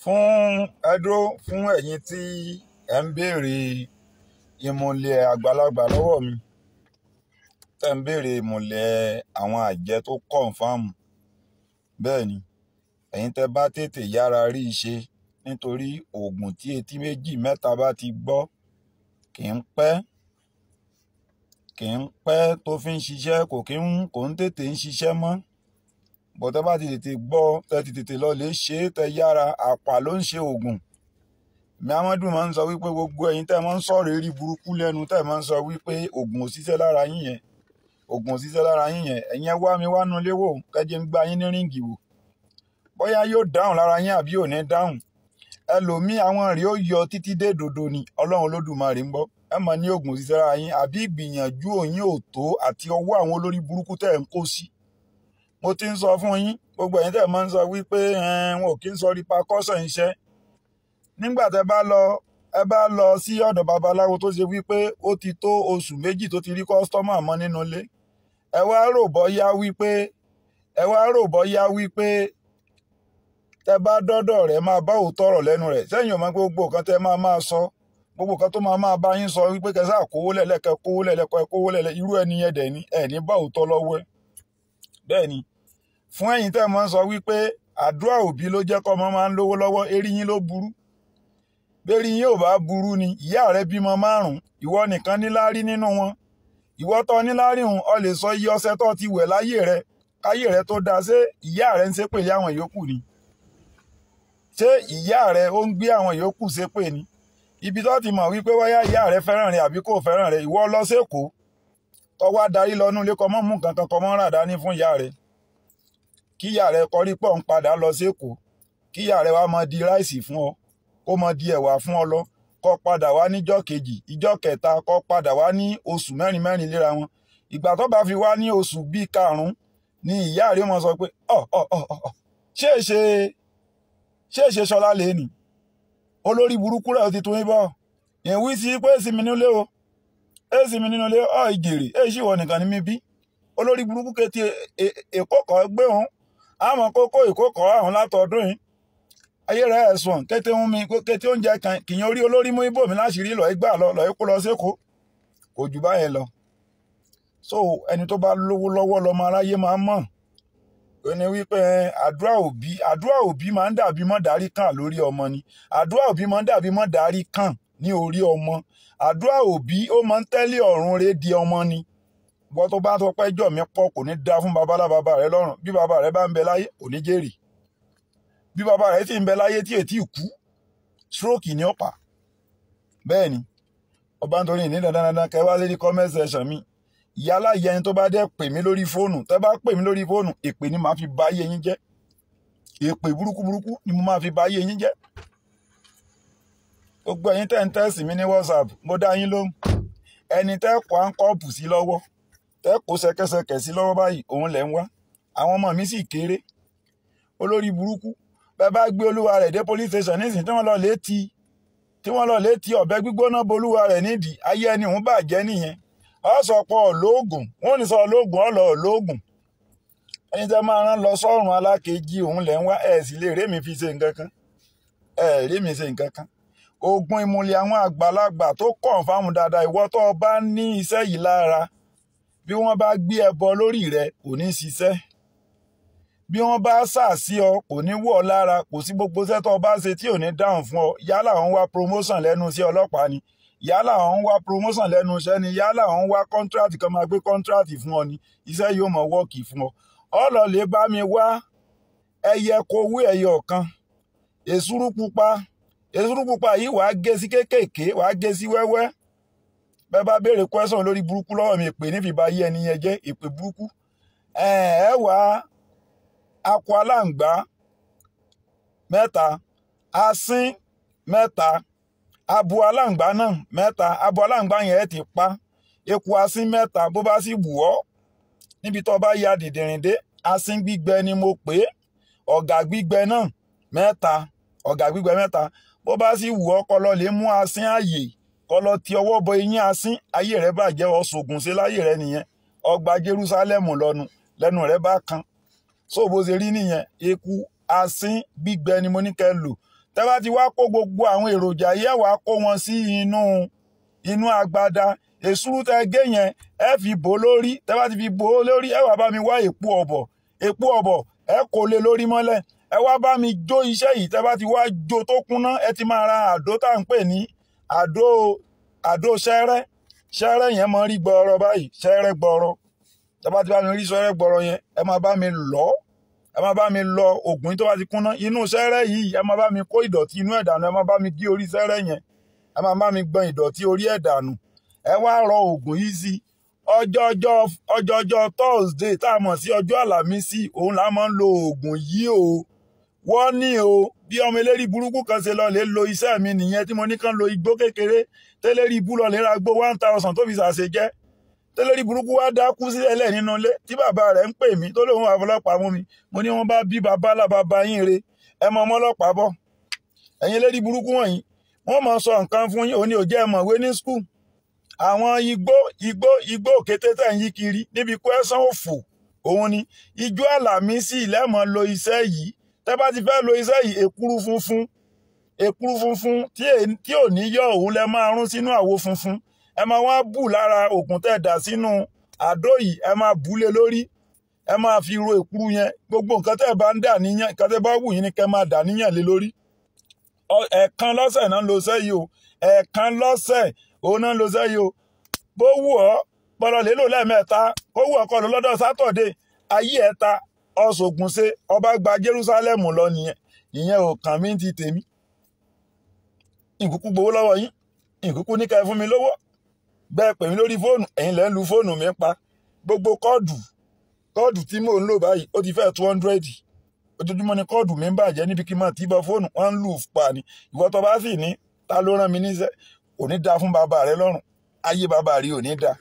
fún ẹdúró fún ẹ̀yin tí ẹ ń béèrè ìmùlẹ̀ àgbàlagbà lọ́wọ́ mi tẹ́ ń béèrè ìmùlẹ̀ àwọn àjẹ́ tó kọ̀ǹfàmù bẹ́ẹ̀ ni ẹ̀yin tẹ́ bá tètè yára rí i ṣe nítorí oògùn tí etí méjì mẹ́ta bá ti gbọ́ kì í pẹ́ kì í pẹ́ tó fi ń ṣiṣẹ́ kò kí ń kò ń tètè ń ṣiṣẹ́ mọ́ bọ̀tẹ́ bá ti tètè gbọ́ tẹ́ ti tètè lọ lè ṣe é tẹ́ yára àpà ló ń ṣe oògùn mi amadu máa ń sọ wípé gbogbo ẹ̀yin tẹ́ máa ń sọ̀rọ̀ eré burúkú lẹ́nu tẹ́ máa ń sọ wípé oògùn ò ṣiṣẹ́ lára yín yẹn oògùn ò ṣiṣẹ́ lára yín yẹn ẹ̀yin ẹ wá mi wá nu léwò kẹ́jẹ́ ń gba yín ní ríǹgì wò bóyá yóò dáhùn lára yín àbí ò dáhùn ẹlòmíì àwọn rèé ó yọ títí dé dodo ni ọlọ́run olódùmarè ń bọ̀ ẹ mọ̀ ní oògùn ò lára yín àbí ìgbìyànjú òyìn òtó àti ọwọ́ àwọn olórí burúkú tẹ́ ń kó sí mo ti ń sọ fún yín gbogbo ẹ̀yin tẹ̀ máa ń sọ wípé wọn ò kí ń sọ repercussion iṣẹ́ nígbà tẹ bá lọ ẹ bá lọ sí ọ̀dọ̀ babaláwo tó ṣe wípé ó ti tó oṣù méjì tó ti rí kọ́sítọ́mù àmọ́ nínú ilé ẹ wá rò bọ́yá wípé ẹ wá rò bọ́yá wípé tẹ bá dọ́dọ̀ rẹ̀ máa bá òótọ́ ọ̀rọ̀ lẹ́nu gbogbo kan tẹ máa máa sọ gbogbo kan tó máa máa bá yín sọ wípé kẹsà kówó kówó kówó lẹ́lẹ́ irú ẹni yẹn fún ẹ̀yin tẹ́ mọ́ ń sọ wípé àdúrà òbí ló jẹ́ kọ́mọ máa ń lówó lọ́wọ́ eríyín ló burú bẹ́ríyín ò bá burú ni ìyá rẹ bímọ márùn-ún ìwọ nìkan níláárí nínú wọn ìwọ tó níláárí hùn ọ lè sọ iye ọṣẹ tó ti wẹ̀ láyé rẹ káyé rẹ tó dáa ṣé ìyá rẹ ń ṣépè lé àwọn yòókù ni ṣé ìyá rẹ ó ń gbé àwọn yòókù ṣépè ni ibi tó ti mọ̀ wípé wáyà ìyá rẹ fẹ́ràn rẹ àbí kò fẹ́ràn rẹ ìwọ lọ sí Èkó tó wá darí lọ kọmọ mú nǹkan kan kọmọ rà dání fún ìyá rẹ kíyà rẹ kọrí pọ̀ ń padà lọ sékòó kíyà rẹ wá mọ di ráìsì fún ọ kó mọ di ẹ̀wà fún ọ lọ kó padà wá níjọ́ kejì ìjọ́ kẹta kó padà wá ní oṣù mẹ́rin mẹ́rin léra wọn ìgbà tó bá fi wá ní oṣù bíi karùn-ún ni ìyá rẹ mọ sọ pé ọ ọ ọ ọ ṣé ṣe ṣé ṣe ṣọlá lè nì olórí burúkú rẹ ti tún ibọ ìwí sí pé èsì mi nílé o èsì mi nílé ọ ìjèrè èsì ìwọ nìkan ni mi bí olórí burúkú kẹtì èkó kan gbé òun àmọ́ kókó ìkókọ̀ ọ̀hún látọdún yìí ayé rẹ̀ ẹ̀sùn kété ń mi kété oúnjẹ kan kìyàn orí olórí mú ibòmí láṣìírí lọ́ọ́ gbà lọ lọ́ọ́ kó lọ sékòó kò jù báyẹn lọ so ẹni tó bá lówó lọ́wọ́ lọ́mọ aráyé máa ń mọ̀ ó wípé àdúrà òbí àdúrà òbí máa ń dàbí mọ́ dárí kàn lórí ọmọ ni àdúrà òbí máa ń dàbí mọ́ dárí kàn ní orí ọmọ àdúrà òbí ó máa ń tẹ́lẹ̀ ọ̀run rẹ̀ di ọmọ ni wọ́n tó bá ń sọ pé ẹjọ́ mi pọ̀ kò ní dá fún babalábàbà rẹ lọ́rùn bí bàbá rẹ bá ń bẹ láyé kò ní jèrè bí bàbá rẹ sì ń bẹ láyé tí ètí ìkú stroke ní ọ̀pá bẹ́ẹ̀ ni ọba nítorí ní dandandandan kẹ́ wá lé ní comment section mi ìyálà ìyá ẹni tó bá dẹ́ pè mí lórí fóònù tẹ́ bá pè mí lórí fóònù èpè ni màá fi bà ayé yín jẹ́ èpè burúkú burúkú ni mo máa fi bà ayé yín jẹ́ gbogbo ẹ̀yin tẹ́ ń tẹ́sì mi ní WhatsApp mo dá yín lóhùn ẹni tẹ́ kọ́ à ń kọ́ọ̀pù sí lọ́wọ́ tẹ́ kó ṣẹ̀kẹ̀ṣẹ̀kẹ̀ sí lọ́wọ́ báyìí òun lẹ ń wá àwọn ọmọ mi sì kéré olórí burúkú bàbá gbé olúwa rẹ dé police station nísìnyí tí lọ létí tí lọ ọ̀bẹ gbígbóná bolúwa rẹ̀ nídìí ayé ẹni òun nìyẹn wọn ò ní sọ olóògùn ọ̀lọ́ olóògùn ẹni tẹ́ máa rán lọ alákejì òun fi ṣe nǹkan ogun àwọn àgbàlagbà tó kàn fáwọn dáadáa ìwọ tó bá ní yìí bí wọ́n bá gbé ẹbọ lórí rẹ kò ní ṣiṣẹ́ bí wọ́n bá ṣàṣì ọ kò ní wọ̀ lára kò sí gbogbo iṣẹ́ tó bá ṣe tí ò ní dáhùn fún ọ yálà òun wá promotion lẹ́nu iṣẹ́ ọlọ́pàá ni yálà òun wá promotion lẹ́nu iṣẹ́ ni yálà òun wá contract kan máa gbé contract fún ọ ni iṣẹ́ yóò mọ̀ wọ́ọ̀kì fún ọ ọlọ́lẹ̀ bá mi wá ẹyẹ kowú ẹyẹ ọ̀kan èsúrú pupa èsúrú pupa yìí wàá gé sí kéékèèké wàá gé sí wẹ́wẹ́ bẹ́ẹ̀ bá béèrè question lórí burúkú lọ́wọ́ mi èpè nífi bá yí ẹni yẹn jẹ́ èpè burúkú ẹ ẹ wà akọ aláǹgbá mẹ́ta asín mẹ́ta abo aláǹgbá náà mẹ́ta abo aláǹgbá yẹn ti pa eku asín mẹ́ta bó bá sì wù ọ́ níbi tó bá ya dìndìnrín dé asín gbígbẹ ni mo pè é ọ̀gà gbígbẹ náà mẹ́ta ọ̀gà gbígbẹ mẹ́ta bó bá sì wù ọ́ kọ́ lè mú asín àyè kọ́ lọ ti ọwọ́ bọ eyín asín ayé rẹ bàjẹ́ ọ̀ṣogun ṣe láyé rẹ nìyẹn ọgbà Jerúsálẹ́mù lọ́nu lẹ́nu rẹ bá kan so bó ṣe rí nìyẹn eku asín gbígbẹ ni mo ní kẹ́ lò tẹ́ bá ti wá kó gbogbo àwọn èròjà yẹ wàá kó wọn sí inú inú agbada èsúrú tẹ gé yẹn ẹ fi bò lórí tẹ bá ti fi bò lórí ẹ wàá bá mi wá èpo ọ̀bọ̀ èpo ọ̀bọ̀ ẹ kò lè lórí mọ́lẹ̀ ẹ wá bá mi jó iṣẹ́ yìí tẹ bá ti wá jó tó kúnná ẹ ti máa ra àdó tá à ń pè ní àdó àdó ṣẹ́rẹ́ ṣẹ́rẹ́ yẹn máa rí gbọrọ báyìí ṣẹ́rẹ́ gbọrọ tọ́ba ti bá mi rí ṣẹ́rẹ́ gbọrọ yẹn ẹ máa bá mi lọ ẹ máa bá mi lọ ògùn tó bá ti kúnná inú ṣẹ́rẹ́ yìí ẹ máa bá mi kó ìdọ̀tí inú ẹ̀dànù ẹ máa bá mi gé orí ṣẹ́rẹ́ yẹn ẹ máa bá mi gbọn ìdọ̀tí orí ẹ̀dànù ẹ wá rọ ògùn yìí sí ọjọ́jọ́ ọjọ́jọ́ Thursday tá a mọ̀ sí ọjọ́ àlàmísì òun là máa ń lo ògùn yìí o wọ́n ní o bí ọmọ eléri burúkú kan ṣe lọ lè lo iṣẹ́ mi nìyẹn tí mo ní kán lo igbó kékeré tẹ́lẹ̀rí bú lọ lè ra gbó one thousand tó fi ṣàṣe jẹ́ tẹ́lẹ̀rí burúkú wá dákú sílẹ̀ nínú ilé tí bàbá rẹ̀ ń pè mí tó lóun àfọlọ́pàá mú mi mo ní wọ́n bá bí bàbá làbàbá yín re ẹ mọ ọmọlọ́pàá bọ̀ ẹ̀yin eléri burúkú wọ̀nyí wọ́n mọ̀ sọ nǹkan fún yín òní ò jẹ́ mọ̀wé ní skul àwọn igbó igbó igbó òkété tẹ̀ ń yí kiri níbi kú ẹ̀sán òfò òun ni ijó àlàmísì lẹ́mọ̀ lo iṣẹ́ yìí tẹ́ bá ti fẹ́ lo iṣẹ́ yìí èkúrú funfun èkúrú funfun tí ò ní yọ òun lẹ máa rún sínú àwo funfun ẹ máa wá bù lára òkun tẹ́ dà sínú àdó yìí ẹ máa bù lé lórí ẹ máa fi ro èkúrú yẹn gbogbo nǹkan tẹ́ bá ń dà níyàn nǹkan tẹ́ bá wù yín ni kẹ́ máa dà níyàn lé lórí ẹ̀ẹ̀kan lọ́sẹ̀ náà ń lo iṣẹ́ yìí o ẹ̀ẹ̀kan lọ́sẹ̀ òun náà ń lo iṣẹ́ yìí o bó wù ọ́ gbọ́dọ̀ lélò lẹ́ẹ̀mẹ́ta kó wù ọ́ kọ́ lọ́dọ̀ sátọ̀dé ayé ẹ̀ta ọ̀ṣọ̀gùn ṣe ọba gba Jerusalem lọ nìyẹn ìyẹn ò kàn mí ti tèmi ìkúkú gbowó lọ́wọ́ yín ìkúkú ní ká ẹ fún mi lówó bẹ́ẹ̀ pè mí lórí fóònù ẹ̀yin lẹ́ ń lu fóònù mi pa gbogbo kọ́ọ̀dù kọ́ọ̀dù tí mò ń lò báyìí ó ti fẹ́ two hundred ojoojúmọ́ ni kọ́ọ̀dù mi ń bàjẹ́ níbi kí n máa ti bọ fóònù wọ́n ń lù pa ni ìwọ tó bá sì ní ta ló rán mi níṣẹ́ kò ní da fún bàbá rẹ lọ́rùn ayé bàbá rí ò ní da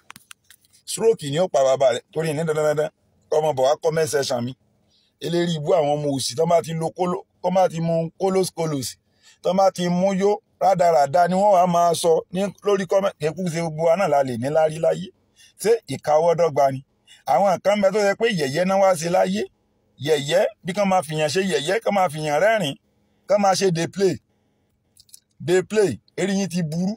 stroke ni ó pa bàbá rẹ torí ní dandandandan kọ́mọ bọ̀ wá kọ́ mẹ́sẹ̀ sàn eléri ibú àwọn ọmọ òsì tán bá ti lo kóló tán bá ti mú kólóskólòs tán bá ti mú yó rádaràda ni wọ́n wàá máa sọ ní lórí kọ́mẹ́ǹtì kékú ṣe gbogbo wa náà la lè ní lárí láyé ṣé ìkáwọ́dọ́gba ni àwọn kan bẹ tó yẹ pé yẹ̀yẹ́ náà wá sí láyé yẹ̀yẹ́ bí kán máa fìyàn ṣe yẹ̀yẹ́ kán máa fìyàn rẹ́rìn kán máa ṣe dey play dey play eré yín ti burú